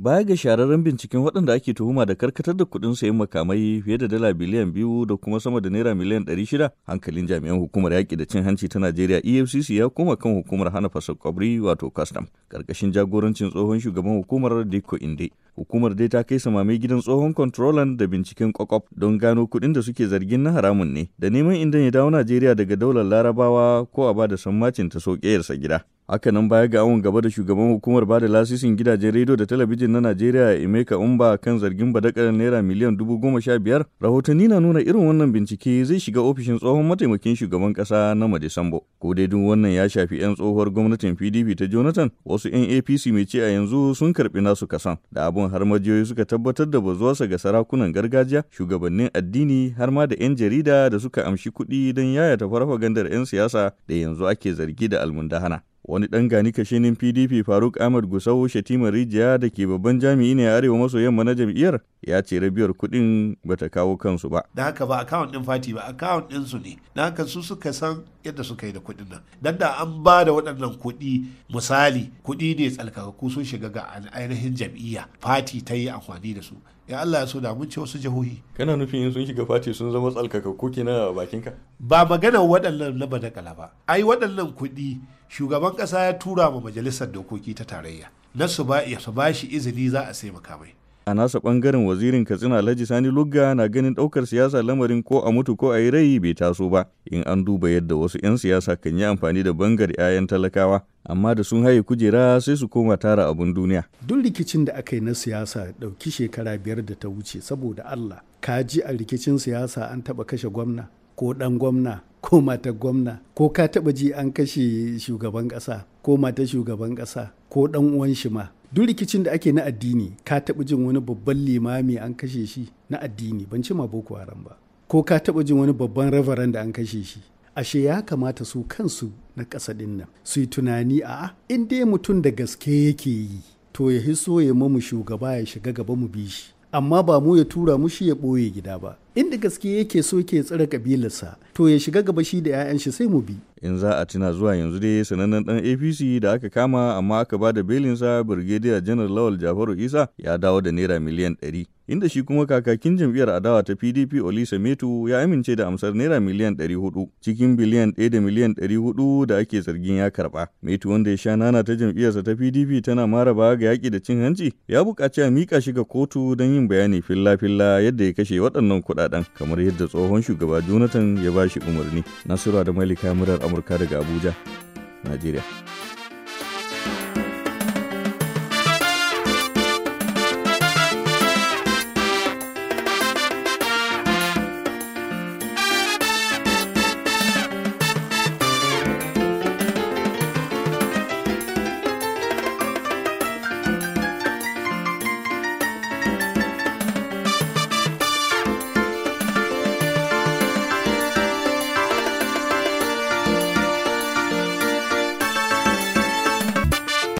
Baya ga shararren binciken waɗanda ake tuhuma da karkatar da kuɗin sayan makamai fiye da dala biliyan biyu da kuma sama da naira miliyan ɗari shida, hankalin jami'an hukumar yaƙi da cin hanci ta Najeriya EFCC ya koma kan hukumar hana fasa kwabri wato custom, ƙarƙashin jagorancin tsohon shugaban hukumar Diko Inde. Hukumar dai ta kai samamai gidan tsohon controller da binciken kwakwaf don gano kuɗin da suke zargin na haramun ne, da neman indan ya dawo Najeriya daga daular Larabawa ko a ba da sammacin ta yarsa gida. nan baya ga awon gaba da shugaban hukumar ba da lasisin gidajen rediyo da talabijin na Najeriya Emeka Umba kan zargin badakarar naira miliyan dubu goma sha biyar, rahotanni na nuna irin wannan bincike zai shiga ofishin tsohon mataimakin shugaban ƙasa na Madisambo. Ko dai duk wannan ya shafi 'yan tsohuwar gwamnatin PDP ta Jonathan, wasu 'yan APC mai ce a yanzu sun karɓi nasu kasan, da abun har majiyoyi suka tabbatar da bazuwarsa ga sarakunan gargajiya, shugabannin addini har ma da 'yan jarida da suka amshi kuɗi don yayata farfagandar 'yan siyasa da yanzu ake zargi da almundahana. wani dan gani kashinin pdp faruk ahmad gusau shatima rijiya da ke babban jami'i ne a arewa maso yamma na jam'iyyar ya ce rabiyar kuɗin bata kawo kansu ba da haka ba akawun din fati ba akawun din su ne da haka su suka san yadda suka yi da kuɗin nan dan da an ba da waɗannan kuɗi misali kuɗi ne tsalkakaku sun shiga ga ainihin jam'iyya fati ta yi amfani da su ya Allah ya so da mun ce wasu jihohi kana nufin in sun shiga fati sun zama tsalkakakku kenan a bakin ka ba magana waɗannan na badakala ba ai waɗannan kuɗi shugaban ƙasa ya tura ma majalisar dokoki ta tarayya na su ba su ba shi izini za a sai makamai a nasa bangaren wazirin katsina alhaji sani lugga na ganin daukar siyasa lamarin ko a mutu ko a yi rai bai taso ba in an duba yadda wasu 'yan siyasa kan yi amfani da bangar 'ya'yan talakawa amma da sun haye kujera sai su koma tara abun duniya duk rikicin da aka yi na siyasa ɗauki shekara biyar da ta wuce saboda allah ka ji a rikicin siyasa an taɓa kashe gwamna ko dan gwamna ko mata gwamna ko ka taɓa ji an kashe shugaban ƙasa ko mata shugaban ƙasa ko ɗan uwan shi ma duk rikicin da ake na addini ka taɓa jin wani babban limami an kashe shi na addini ban ce ma boko haram ba ko ka taɓa jin wani babban reverend da an kashe shi ashe ya kamata su kansu na ƙasa ɗin nan su yi tunani a in dai mutum da gaske yake yi to ya hiso ya mamu shugaba ya shiga gaba mu bi shi amma ba mu ya tura mu shi ya ɓoye gida ba inda gaske yake so ke tsira kabilarsa to ya shiga gaba shi da 'ya'yan shi sai mu bi in za a tuna zuwa yanzu dai sanannen dan apc da aka kama amma aka ba da belinsa brigadier janar lawal jafaru isa ya dawo da naira miliyan 100 inda shi kuma kakakin jam'iyyar adawa ta pdp olisa metu ya amince da amsar naira miliyan 400 cikin biliyan 1 da miliyan 400 da ake zargin ya karba metu wanda ya sha nana ta jam'iyyarsa ta pdp tana maraba ga yaki da cin hanci ya buƙaci a mika shi ga kotu don yin bayani filla-filla yadda ya kashe waɗannan kuɗaɗe kudaden kamar yadda tsohon shugaba Jonathan ya bashi umarni. Nasura da Malika murar Amurka daga Abuja, Najeriya.